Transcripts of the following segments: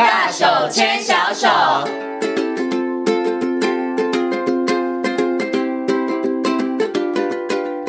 大手牽小手。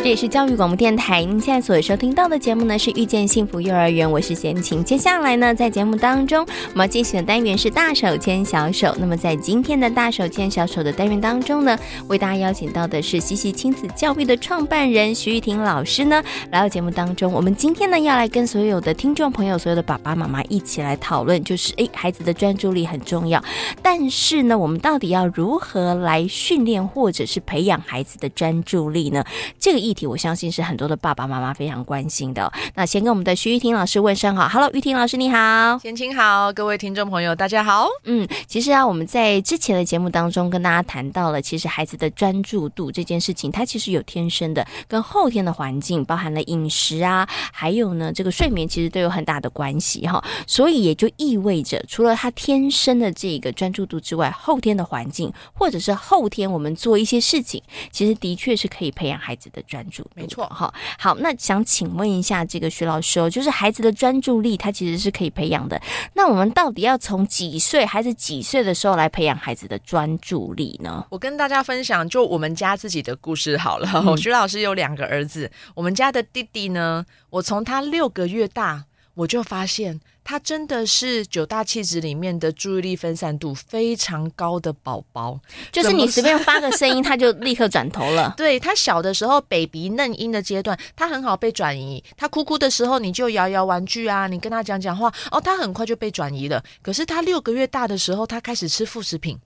這也是教育廣播電臺，您現在所收聽到的節目呢是《遇見幸福幼兒園》，我是賢琴。接下來呢，在節目當中，我們要進行的單元是“大手牽小手”。那麼在今天的大手牽小手的單元當中呢，為大家邀請到的是惜習親子教育中心的創辦人徐瑜亭老師呢，來到節目當中。我們今天呢，要來跟所有的聽眾朋友、所有的爸爸媽媽一起來討論，就是誒，孩子的專注力很重要，但是呢，我們到底要如何來訓練或者是培養孩子的專注力呢？這個一。議題，我相信是很多的爸爸媽媽非常關心的、哦。那先跟我們的徐瑜亭老師問聲好，Hello，瑜亭老師你好，前情好，各位聽眾朋友大家好。嗯，其實啊，我們在之前的節目當中跟大家談到了，其實孩子的專注度這件事情，它其實有天生的，跟後天的環境，包含了飲食啊，還有呢這個睡眠，其實都有很大的關係哈、哦。所以也就意味着，除了他天生的這個專注度之外，後天的環境，或者是後天我們做一些事情，其實的確是可以培養孩子的專專注，沒錯好、哦、好，那想請問一下這個徐老師哦，就是孩子的專注力，他其實是可以培養的。那我們到底要從幾歲，孩子幾歲的時候來培養孩子的專注力呢？我跟大家分享，就我們家自己的故事好了。徐、嗯、老師有兩個兒子，我們家的弟弟呢，我從他六個月大，我就發現他真的是九大氣質裡面的注意力分散度非常高的寶寶，就是你隨便發個聲音， 他就立刻轉頭了。 對，他小的時候，baby 嫩嬰的階段，他很好被轉移。他哭哭的時候，你就搖搖玩具啊，你跟他講講話哦，他很快就被轉移了。可是他六個月大的時候，他開始吃副食品。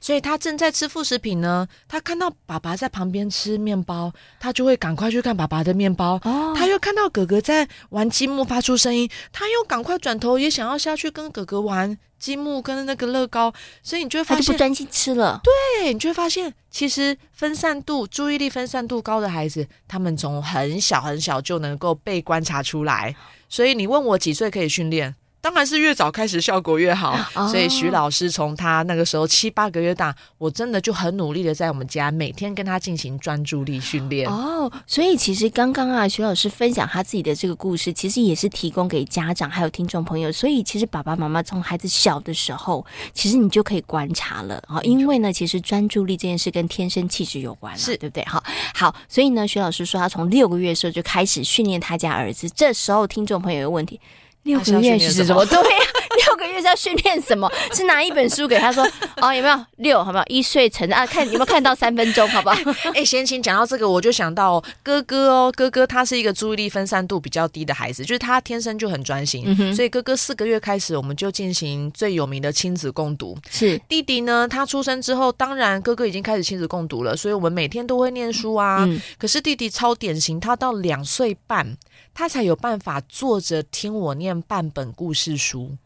所以他正在吃副食品呢，他看到爸爸在旁邊吃麵包，他就會趕快去看爸爸的麵包。哦、他又看到哥哥在玩積木，發出聲音，他又趕快轉頭，也想要下去跟哥哥玩積木，跟那個樂高。所以你就會發現他就不專心吃了。對，你就會發現其實分散度、注意力分散度高的孩子，他們從很小很小就能夠被觀察出來。所以你問我幾歲可以訓練？當然是越早開始效果越好，哦、所以徐老師從他那個時候七八個月大，我真的就很努力的在我們家每天跟他進行專注力訓練哦。所以其實剛剛啊，徐老師分享他自己的這個故事，其實也是提供給家長還有聽眾朋友。所以其實爸爸媽媽從孩子小的時候，其實你就可以觀察了啊，因為呢，其實專注力這件事跟天生氣質有關，啊，是對不對？哈，好，所以呢，徐老師說他從六個月的時候就開始訓練他家兒子，這時候聽眾朋友一個問題。六個月是什麼？對，六個月是要訓練什麼？是拿一本書給他說哦，有沒有六、啊？好不好？一歲成啊，看有沒有看到三分鐘？好不好？哎，先請講到這個，我就想到哥哥哦，哥哥他是一個注意力分散度比較低的孩子，就是他天生就很專心，嗯、哼所以哥哥四個月開始我們就進行最有名的親子共讀。是弟弟呢，他出生之後，當然哥哥已經開始親子共讀了，所以我們每天都會念書啊。嗯、可是弟弟超典型，他到兩歲半，他才有辦法坐着聽我念。半本故事書。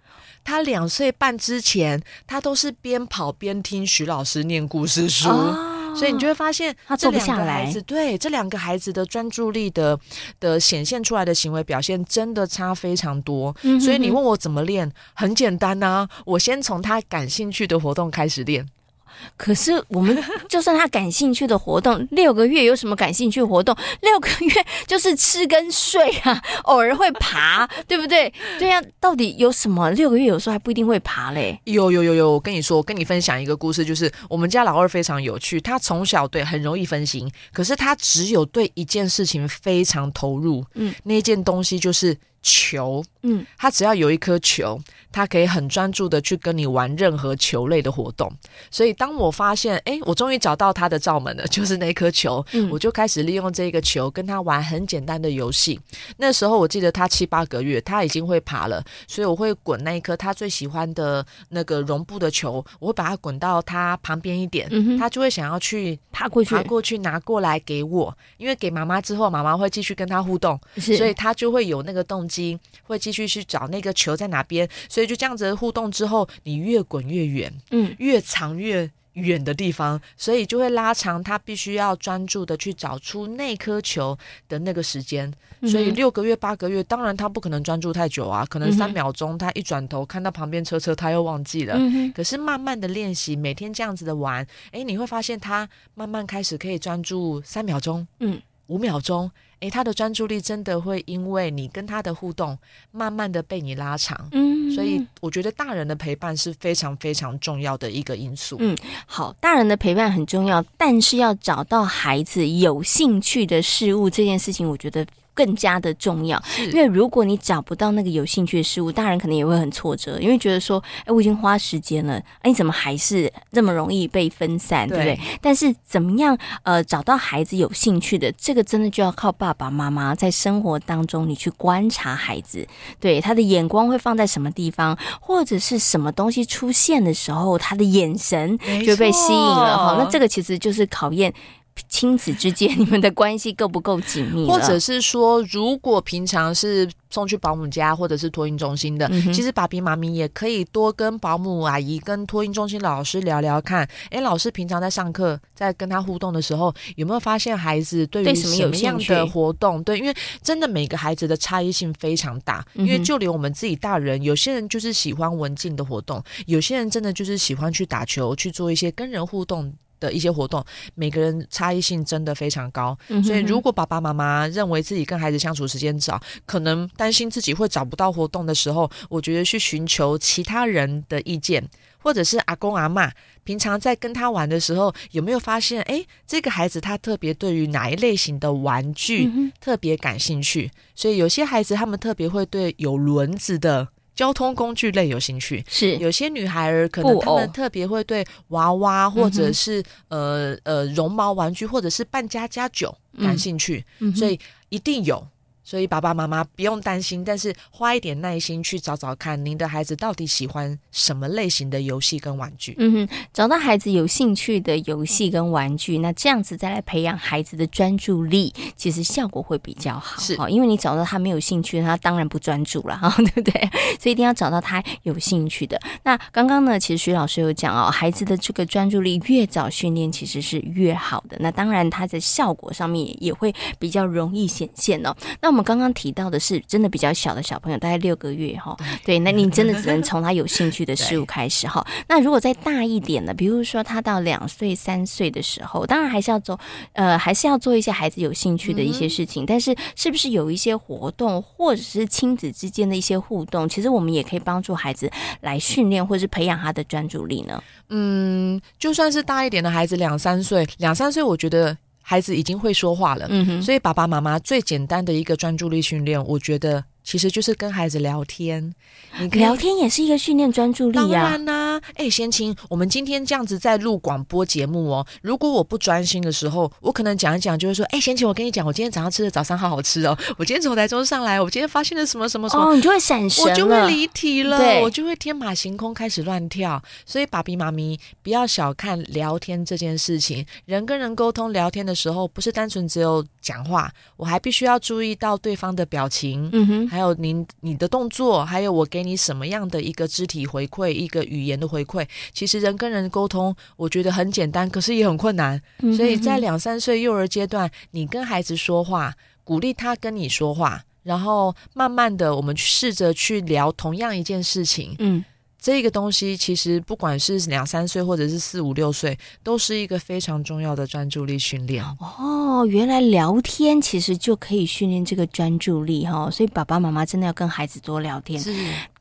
他兩歲半之前，他都是邊跑邊聽徐老師念故事書。哦、所以你就會發現這兩個孩子，對，這兩個孩子的專注力的的顯現出來的行為表現真的差非常多。嗯、哼哼，所以你問我怎麼練？很簡單吶、啊，我先從他感興趣的活動開始練。可是我們就算他感興趣的活動，六個月有什麼感興趣活動？六個月就是吃跟睡啊，偶爾會爬，對不對？對呀，啊，到底有什麼？六個月有時候還不一定會爬嘞。有有有有，我跟你說，我跟你分享一個故事，就是我們家老二非常有趣，他從小對很容易分心，可是他只有對一件事情非常投入，嗯，那件東西就是。球，嗯，他只要有一顆球，他可以很專注的去跟你玩任何球類的活動。所以當我發現，哎、欸，我終於找到他的罩門了，就是那顆球，嗯、我就開始利用這個球跟他玩很簡單的遊戲。那時候我記得他七八個月，他已經會爬了，所以我會滾那一顆他最喜歡的那個絨布的球，我會把它滾到他旁邊一點，他、嗯、哼就會想要去爬過去，爬過去拿過來給我，因為給媽媽之後，媽媽會繼續跟他互動，是所以他就會有那個動機。會繼續去找那個球在哪邊，所以就這樣子互動之後，你越滾越遠，嗯、越長越遠的地方，所以就會拉長他必須要專注的去找出那顆球的那個時間。嗯、哼所以六個月八個月，當然他不可能專注太久啊，可能三秒鐘，他一轉頭看到旁邊車車，他又忘記了。嗯、哼可是慢慢的練習，每天這樣子的玩誒，你會發現他慢慢開始可以專注三秒鐘，嗯、五秒鐘。誒，他的專注力真的會因為你跟他的互動，慢慢地被你拉長。嗯，嗯，嗯，所以我覺得大人的陪伴是非常非常重要的一個因素。嗯，好，大人的陪伴很重要，但是要找到孩子有興趣的事物這件事情，我覺得。更加的重要，因為如果你找不到那個有興趣的事物，大人可能也會很挫折，因為覺得說，哎，我已經花時間了，哎，你怎麼還是這麼容易被分散，對不對？對，但是怎麼樣，呃，找到孩子有興趣的，這個真的就要靠爸爸媽媽在生活當中，你去觀察孩子，對他的眼光會放在什麼地方，或者是什麼東西出現的時候，他的眼神就被吸引了，哈，那這個其實就是考驗。親子之間，你們的關係夠不夠緊密？或者是說，如果平常是送去保姆家或者是托嬰中心的，嗯、哼其實爸比媽咪也可以多跟保姆阿姨、跟托嬰中心老師聊聊看。哎，老師平常在上課，在跟他互動的時候，有沒有發現孩子對於什麼什麼樣的活動？對，對，因為真的每個孩子的差異性非常大。因為就連我們自己大人，有些人就是喜歡文靜的活動，有些人真的就是喜歡去打球，去做一些跟人互動。的一些活動，每個人差異性真的非常高，嗯、哼所以如果爸爸媽媽認為自己跟孩子相處時間少，可能擔心自己會找不到活動的時候，我覺得去尋求其他人的意見，或者是阿公阿嬤，平常在跟他玩的時候，有沒有發現，誒、欸，這個孩子他特別對於哪一類型的玩具特別感興趣？嗯、哼所以有些孩子他們特別會對有輪子的交通工具類有興趣，是有些女孩兒可能她們特別會對娃娃或者是呃、嗯、哼呃絨毛玩具或者是扮家家酒感興趣，嗯嗯、所以一定有。所以爸爸媽媽不用擔心，但是花一點耐心，去找找看，您的孩子到底喜歡什麼類型的遊戲跟玩具。嗯哼，找到孩子有興趣的遊戲跟玩具，那這樣子再來培養孩子的專注力，其實效果會比較好。是哦，因為你找到他沒有興趣，他當然不專注了哈，對不對？所以一定要找到他有興趣的。那剛剛呢，其實徐老師有講哦，孩子的這個專注力越早訓練，其實是越好的。那當然，它的效果上面也，也會比較容易顯現哦。那。我們剛剛提到的是真的比較小的小朋友，大概六個月哈。對,對，那你真的只能從他有興趣的事物開始哈。 對那如果再大一點的，比如說他到兩歲三歲的時候，當然還是要做，呃，還是要做一些孩子有興趣的一些事情。嗯、但是，是不是有一些活動或者是親子之間的一些互動，其實我們也可以幫助孩子來訓練或是培養他的專注力呢？嗯，就算是大一點的孩子，兩三歲，兩三歲，我覺得。孩子已經會說話了，嗯哼，所以爸爸媽媽最簡單的一個專注力訓練，我覺得。其實就是跟孩子聊天，聊天也是一個訓練專注力啊。當然啦、啊，哎、欸，先青，我們今天這樣子在錄廣播節目哦。如果我不專心的時候，我可能講一講，就會說：“哎、欸，先青，我跟你講，我今天早上吃的早餐好好吃哦。我今天從台中上來，我今天發現了什麼什麼什麼。”哦，你就會閃神，我就會離題了，對我就會天馬行空開始亂跳。所以，爸比媽咪不要小看聊天這件事情。人跟人溝通聊天的時候，不是單純只有講話，我還必須要注意到對方的表情。嗯哼。還有您你,你的動作，還有我給你什麼樣的一個肢體回饋，一個語言的回饋。其實人跟人溝通，我覺得很簡單，可是也很困難。嗯、哼哼。所以在兩三歲幼兒階段，你跟孩子說話，鼓勵他跟你說話，然後慢慢的，我們試着去聊同樣一件事情。嗯。這個東西其實不管是兩三歲或者是四五六歲，都是一個非常重要的專注力訓練。哦，原來聊天其實就可以訓練這個專注力哈，哦，所以爸爸媽媽真的要跟孩子多聊天。是。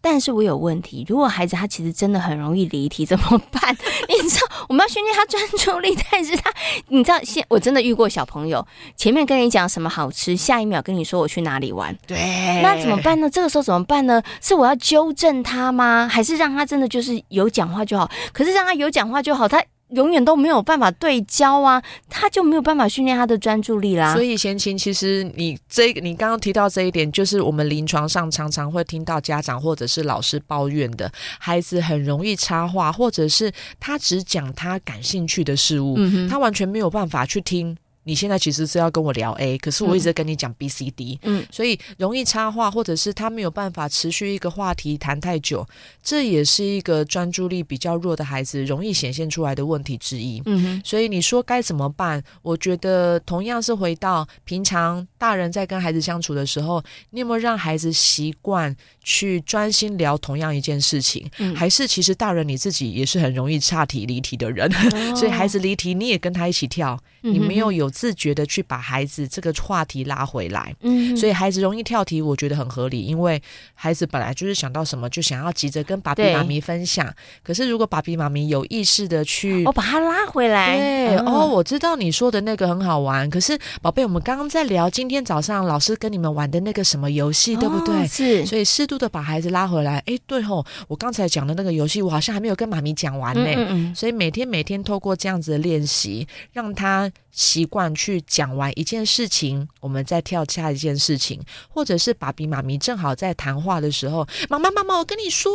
但是我有問題，如果孩子他其實真的很容易離題，怎麼辦？你知道我們要訓練他專注力，但是他，你知道，現我真的遇過小朋友，前面跟你講什麼好吃，下一秒跟你說我去哪裡玩，對，那怎麼辦呢？這個時候怎麼辦呢？是我要糾正他嗎？還是讓他真的就是有講話就好？可是讓他有講話就好，他。永遠都沒有辦法對焦啊，他就沒有辦法訓練他的專注力啦。所以，先琴，其實你這個你剛剛提到這一點，就是我們臨床上常、常常會聽到家長或者是老師抱怨的孩子很容易插話，或者是他只講他感興趣的事物，嗯哼。他完全沒有辦法去聽。你現在其實是要跟我聊 A，可是我一直跟你講 B、嗯、C、嗯、D，所以容易插話，或者是他沒有辦法持續一個話題談太久，這也是一個專注力比較弱的孩子容易顯現出來的問題之一。嗯哼，所以你說該怎麼辦？我覺得同樣是回到平常，大人在跟孩子相處的時候，你有沒有讓孩子習慣去專心聊同樣一件事情？嗯、還是其實大人你自己也是很容易岔題離題的人，哦、 所以孩子離題，你也跟他一起跳。你沒有有自覺的去把孩子這個話題拉回來，嗯哼，所以孩子容易跳題，我覺得很合理，因為孩子本來就是想到什麼就想要急着跟爸比媽咪分享，對可是如果爸比媽咪有意識的去，我、哦、把他拉回來，對，嗯、哦，我知道你說的那個很好玩，可是寶貝，我們剛剛在聊今天早上老師跟你們玩的那個什麼遊戲，哦、對不對？是，所以適度的把孩子拉回來，哎、欸，對吼，我剛才講的那個遊戲，我好像還沒有跟媽咪講完呢、欸，嗯，嗯，嗯，所以每天每天透過這樣子的練習，讓他。習慣去講完一件事情，我們再跳下一件事情，或者是爸比媽咪正好在談話的時候，媽媽媽媽，我跟你說，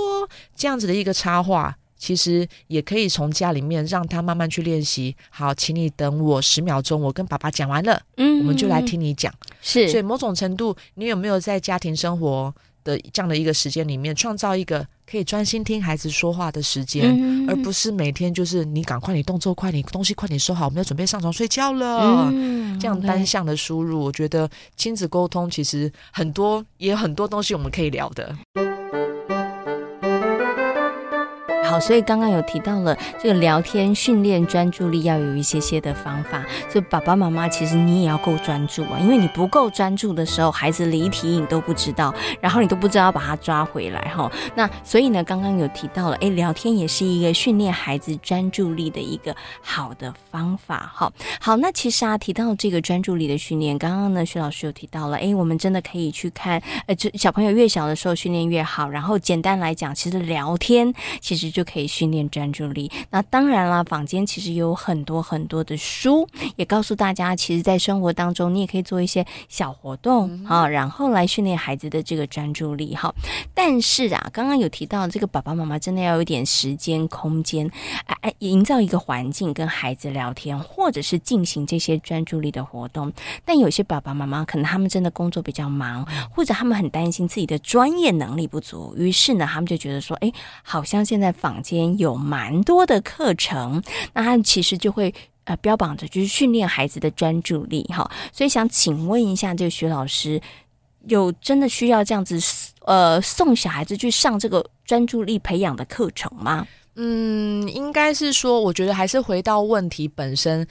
這樣子的一個插話，其實也可以從家裡面讓他慢慢去練習。好，請你等我十秒鐘，我跟爸爸講完了，嗯，嗯，我們就來聽你講。是，所以某種程度，你有沒有在家庭生活，這樣的一個時間裡面，創造一個可以專心聽孩子說話的時間，嗯嗯嗯，而不是每天就是你趕快，你動作快點，你東西快點收好，我們要準備上床睡覺了。嗯嗯嗯，這樣單向的輸入，我覺得親子溝通其實很多也有很多東西我們可以聊的。好，所以剛剛有提到了這個聊天訓練專注力要有一些些的方法，所以爸爸媽媽其實你也要夠專注啊，因為你不夠專注的時候，孩子離題你都不知道，然後你都不知道要把他抓回來哈、哦。那所以呢，剛剛有提到了，哎，聊天也是一個訓練孩子專注力的一個好的方法。哈、哦，好，那其實啊，提到這個專注力的訓練，剛剛呢，徐老師有提到了，哎，我們真的可以去看，呃，就小朋友越小的時候訓練越好。然後簡單來講，其實聊天其實就。就可以訓練專注力。那當然啦，坊間其實有很多很多的書，也告訴大家，其實，在生活當中，你也可以做一些小活動啊，嗯、哼然後來訓練孩子的這個專注力哈。但是啊，剛剛有提到，這個爸爸媽媽真的要有一點時間空間，哎、啊、哎、啊，營造一個環境，跟孩子聊天，或者是進行這些專注力的活動。但有些爸爸媽媽可能他們真的工作比較忙，或者他們很擔心自己的專業能力不足，於是呢，他們就覺得說，哎，好像現在坊間有蠻多的課程，那他其實就會呃標榜着就是訓練孩子的專注力哈，所以想請問一下，這個徐老師有真的需要這樣子呃送小孩子去上這個專注力培養的課程嗎？嗯，應該是說，我覺得還是回到問題本身，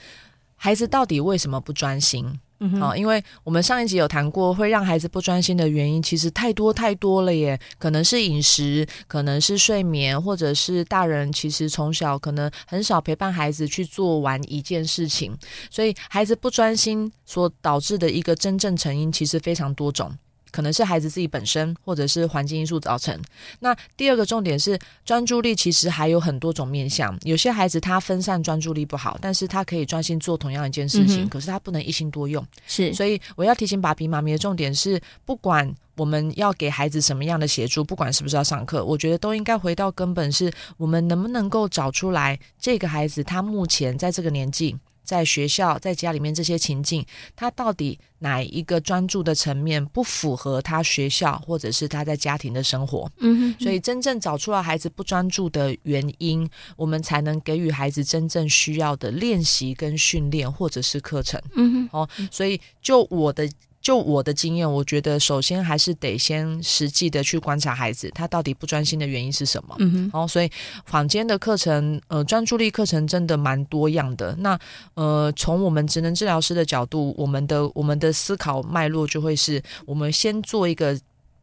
孩子到底為什麼不專心？嗯，好，因為我們上一集有談過，會讓孩子不專心的原因其實太多太多了耶，可能是飲食，可能是睡眠，或者是大人其實從小可能很少陪伴孩子去做完一件事情，所以孩子不專心所導致的一個真正成因其實非常多種。可能是孩子自己本身，或者是環境因素造成。那第二個重點是，專注力其實還有很多種面向。有些孩子他分散專注力不好，但是他可以專心做同樣一件事情，嗯哼。可是他不能一心多用。是，所以我要提醒爸比媽咪的重點是，不管我們要給孩子什麼樣的協助，不管是不是要上課，我覺得都應該回到根本，是我們能不能夠找出來這個孩子他目前在這個年紀。在學校、在家裡面這些情境，他到底哪一個專注的層面不符合他學校或者是他在家庭的生活？嗯哼，所以真正找出了孩子不專注的原因，我們才能給予孩子真正需要的練習跟訓練，或者是課程。嗯哼，哦，所以就我的。就我的經驗，我覺得首先還是得先實際的去觀察孩子，他到底不專心的原因是什麼。嗯哼。然後，哦，所以坊間的課程，呃，專注力課程真的蠻多樣的。那呃，從我們職能治療師的角度，我們的我們的思考脈絡就會是，我們先做一個。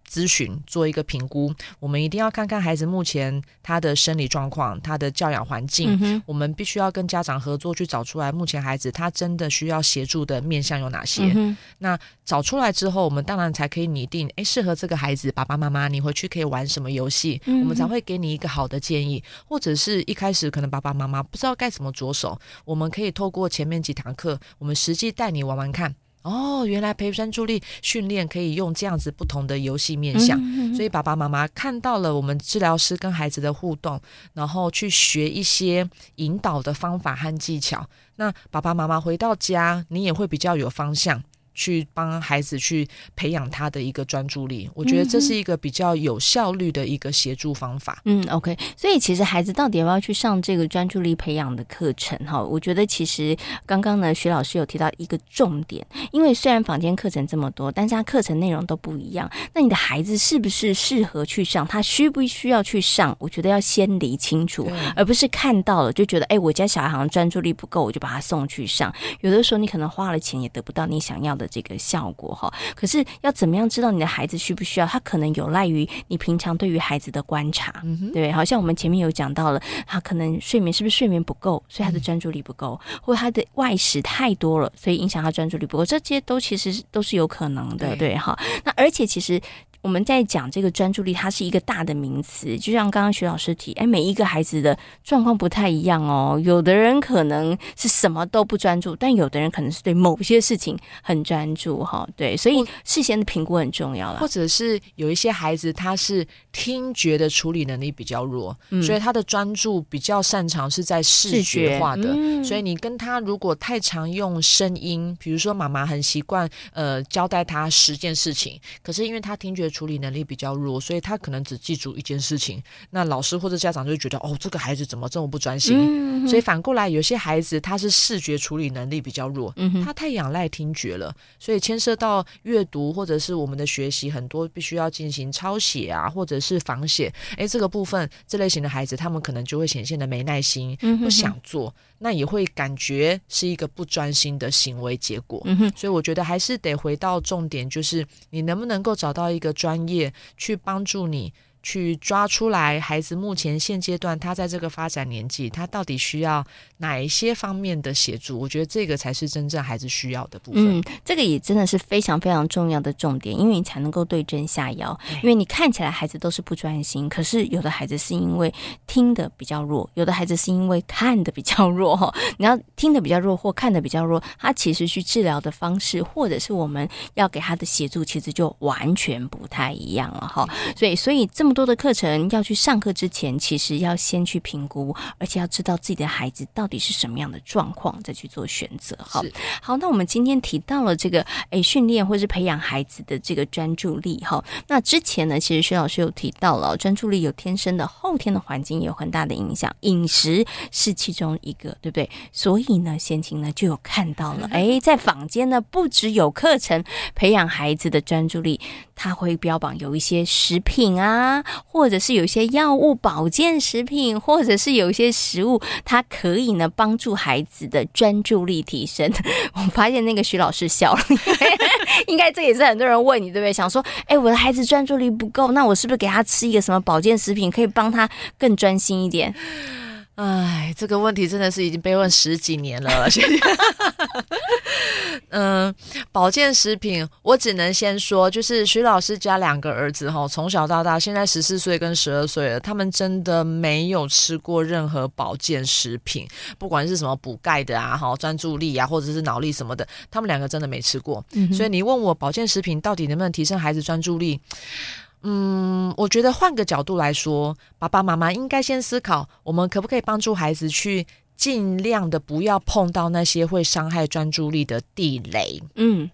諮詢做一個評估，我們一定要看看孩子目前他的生理狀況、他的教養環境。嗯哼。我們必須要跟家長合作去找出來，目前孩子他真的需要協助的面向有哪些。嗯哼。那找出來之後，我們當然才可以擬定，哎，適合這個孩子，爸爸媽媽，你回去可以玩什麼遊戲？我們才會給你一個好的建議。嗯哼。或者是一開始可能爸爸媽媽不知道該怎麼着手，我們可以透過前面幾堂課，我們實際帶你玩玩看。哦，原來陪玩助力訓練可以用這樣子不同的遊戲面向。嗯嗯嗯，所以爸爸媽媽看到了我們治療師跟孩子的互動，然後去學一些引導的方法和技巧。那爸爸媽媽回到家，你也會比較有方向。去幫孩子去培養他的一個專注力，我覺得這是一個比較有效率的一個協助方法。嗯，OK。所以其實孩子到底要不要去上這個專注力培養的課程？哈，我覺得其實剛剛呢，徐老師有提到一個重點，因為雖然坊間課程這麼多，但是他課程內容都不一樣。那你的孩子是不是適合去上？他需不需要去上？我覺得要先理清楚，而不是看到了就覺得，哎、欸，我家小孩好像專注力不夠，我就把他送去上。有的時候你可能花了錢也得不到你想要的。這個效果哈，可是要怎麼樣知道你的孩子需不需要？他可能有賴於你平常對於孩子的觀察，嗯、哼對，好像我們前面有講到了，他可能睡眠是不是睡眠不夠，所以他的專注力不夠，嗯、或他的外食太多了，所以影響他專注力不夠，這些都其實都是有可能的，對哈。那而且其實。我們在講這個專注力，它是一個大的名詞，就像剛剛徐老師提，哎，每一個孩子的狀況不太一樣哦。有的人可能是什麼都不專注，但有的人可能是對某些事情很專注，哈，對，所以事先的評估很重要了。或者是有一些孩子，他是聽覺的處理能力比較弱，嗯、所以他的專注比較擅長是在視覺化的。嗯、所以你跟他如果太常用聲音，比如說媽媽很習慣呃交代他十件事情，可是因為他聽覺。處理能力比較弱，所以他可能只記住一件事情。那老師或者家長就會覺得，哦，這個孩子怎麼這麼不專心？所以反過來，有些孩子他是視覺處理能力比較弱，他太仰賴聽覺了，所以牽涉到閱讀或者是我們的學習，很多必須要進行抄寫啊，或者是仿寫。誒，這個部分這類型的孩子，他們可能就會顯現的沒耐心，不想做。那也會感覺是一個不專心的行為，結果，嗯哼。所以我覺得還是得回到重點，就是你能不能夠找到一個專業去幫助你。去抓出來，孩子目前現階段他在這個發展年紀，他到底需要哪一些方面的協助？我覺得這個才是真正孩子需要的部分。嗯，這個也真的是非常非常重要的重點，因為你才能夠對症下藥。對因為你看起來孩子都是不專心，可是有的孩子是因為聽的比較弱，有的孩子是因為看的比較弱。哈，你要聽的比較弱或看的比較弱，他其實去治療的方式或者是我們要給他的協助，其實就完全不太一樣了。哈對，所以所以這麼多的課程要去上課之前，其實要先去評估，而且要知道自己的孩子到底是什麼樣的狀況，再去做選擇。好，是好，那我們今天提到了這個，誒訓練或是培養孩子的這個專注力，哈。那之前呢，其實徐老師有提到了，專注力有天生的，後天的環境有很大的影響，飲食是其中一個，對不對？所以呢，先前呢就有看到了，誒，在坊間呢不只有課程培養孩子的專注力。他會標榜有一些食品啊，或者是有一些藥物保健食品，或者是有一些食物，它可以呢幫助孩子的專注力提升。我發現那個徐老師笑了， 應該這也是很多人問你對不對？想說，哎、欸，我的孩子專注力不夠，那我是不是給他吃一個什麼保健食品，可以幫他更專心一點？哎，這個問題真的是已經被問十幾年了。 嗯，保健食品，我只能先說，就是徐老師家兩個兒子哈，從小到大，現在十四歲跟十二歲了，他們真的沒有吃過任何保健食品，不管是什麼補鈣的啊，哈，專注力啊，或者是腦力什麼的，他們兩個真的沒吃過。嗯哼。所以你問我保健食品到底能不能提升孩子專注力？嗯，我覺得換個角度來說，爸爸媽媽應該先思考，我們可不可以幫助孩子去盡量的不要碰到那些會傷害專注力的地雷？嗯，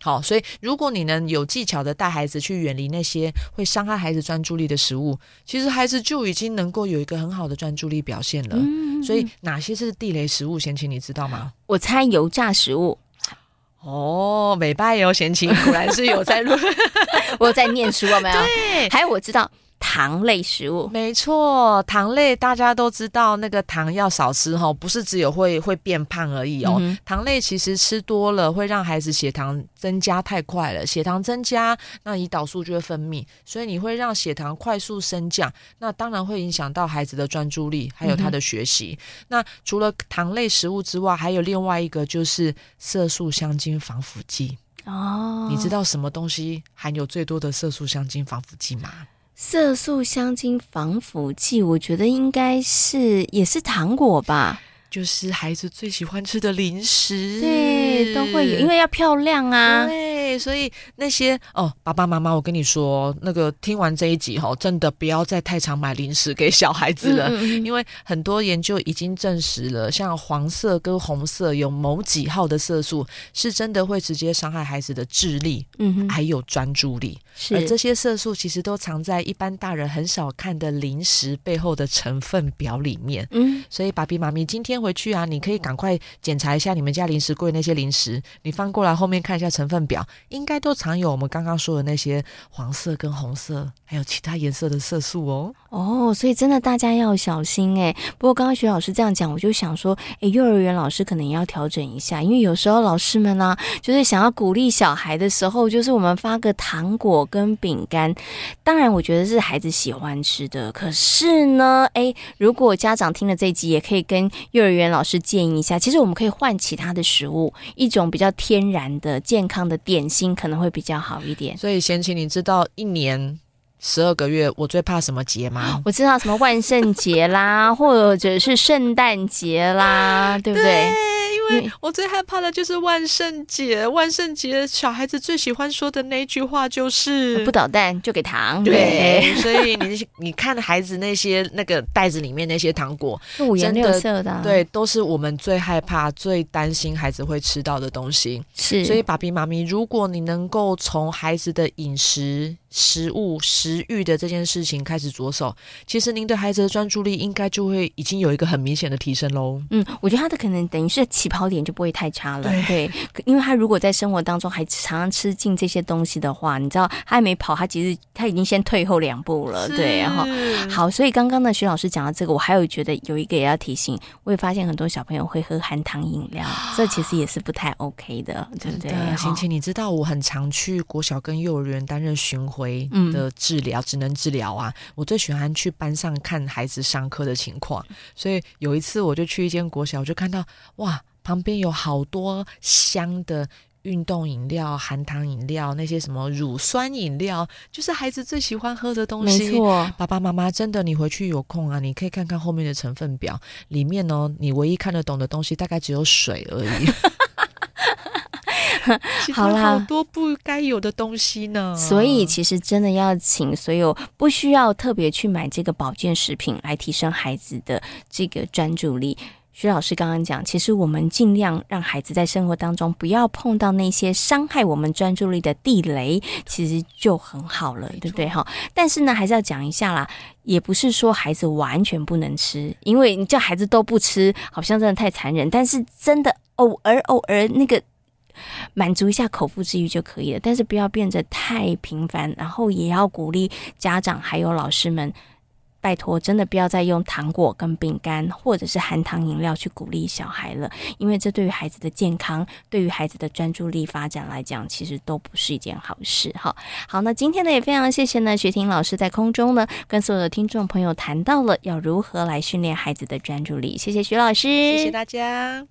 好，所以如果你能有技巧的帶孩子去遠離那些會傷害孩子專注力的食物，其實孩子就已經能夠有一個很好的專注力表現了。嗯嗯，所以哪些是地雷食物？賢淇你知道嗎？我猜油炸食物。哦，美爸也有閒情，果然是有在錄， 我有在念書，有沒有？對，還有我知道。糖類食物，沒錯，糖類大家都知道，那個糖要少吃齁，不是只有會會變胖而已哦！嗯、哼糖類其實吃多了會讓孩子血糖增加太快了，血糖增加，那胰島素就會分泌，所以你會讓血糖快速升降，那當然會影響到孩子的專注力，還有他的學習。嗯、哼那除了糖類食物之外，還有另外一個就是色素、香精、防腐劑哦。你知道什麼東西含有最多的色素、香精、防腐劑嗎？色素、香精、防腐劑，我覺得應該是也是糖果吧。就是孩子最喜歡吃的零食，對，都會有，因為要漂亮啊。對，所以那些哦，爸爸媽媽，我跟你說，那個聽完這一集哈，真的不要再太常買零食給小孩子了，嗯嗯，因為很多研究已經證實了，像黃色跟紅色有某幾號的色素，是真的會直接傷害孩子的智力，嗯哼還有專注力。是，而這些色素其實都藏在一般大人很少看的零食背後的成分表裡面。嗯，所以爸比媽咪今天。回去啊，你可以趕快檢查一下你們家零食櫃那些零食，你翻過來後面看一下成分表，應該都藏有我們剛剛說的那些黃色跟紅色，還有其他顏色的色素哦。哦，oh, 所以真的大家要小心哎、欸。不過剛剛徐老師這樣講，我就想說，哎，幼兒園老師可能也要調整一下，因為有時候老師們呢、啊，就是想要鼓勵小孩的時候，就是我們發個糖果跟餅乾，當然我覺得是孩子喜歡吃的。可是呢，哎，如果家長聽了這集，也可以跟幼兒園老師建議一下，其實我們可以換其他的食物，一種比較天然的、健康的點心，可能會比較好一點。所以賢請你知道一年？十二個月，我最怕什麼節嗎？我知道什麼萬聖節啦， 或者是聖誕節啦，啊、對不對？對對，我最害怕的就是萬聖節，萬聖節小孩子最喜歡說的那句話就是“不搗蛋就給糖”。對， 所以你你看，孩子那些那個袋子裡面那些糖果，五顏六色的啊，真的，對，都是我們最害怕、最擔心孩子會吃到的東西。是，所以爸比媽咪，如果你能夠從孩子的飲食、食物、食欲的這件事情開始着手，其實您對孩子的專注力應該就會已經有一個很明顯的提升嘍。嗯，我覺得他的可能等於是起。跑點就不會太差了，對，對，因為他如果在生活當中還常常吃進這些東西的話，你知道他還沒跑，他其實他已經先退後兩步了，是對，哦，然後好，所以剛剛呢，徐老師講到這個，我還有覺得有一個也要提醒，我也發現很多小朋友會喝含糖飲料，啊、這其實也是不太 OK 的，對不、啊、對？晴晴，你知道我很常去國小跟幼兒園擔任巡回的治療，職、嗯、能治療啊，我最喜歡去班上看孩子上課的情況，所以有一次我就去一間國小，我就看到哇，旁邊有好多香的運動飲料、含糖飲料，那些什麼乳酸飲料，就是孩子最喜歡喝的東西。沒錯錯，爸爸媽媽，真的，你回去有空啊，你可以看看後面的成分表，裡面呢，你唯一看得懂的東西，大概只有水而已。好啦 好多不該有的東西呢。 所以，其實真的要請所有不需要特別去買這個保健食品來提升孩子的這個專注力。徐老師剛剛講，其實我們盡量讓孩子在生活當中不要碰到那些傷害我們專注力的地雷，其實就很好了，對不對？哈，但是呢，還是要講一下啦，也不是說孩子完全不能吃，因為你叫孩子都不吃，好像真的太殘忍。但是真的偶爾偶爾那個滿足一下口腹之欲就可以了，但是不要變得太頻繁，然後也要鼓勵家長還有老師們。拜託，真的不要再用糖果跟餅乾，或者是含糖飲料去鼓勵小孩了，因為這對於孩子的健康，對於孩子的專注力發展來講，其實都不是一件好事。好好，那今天呢，也非常謝謝呢，瑜亭老師在空中呢，跟所有的聽眾朋友談到了要如何來訓練孩子的專注力。謝謝徐老師，謝謝大家。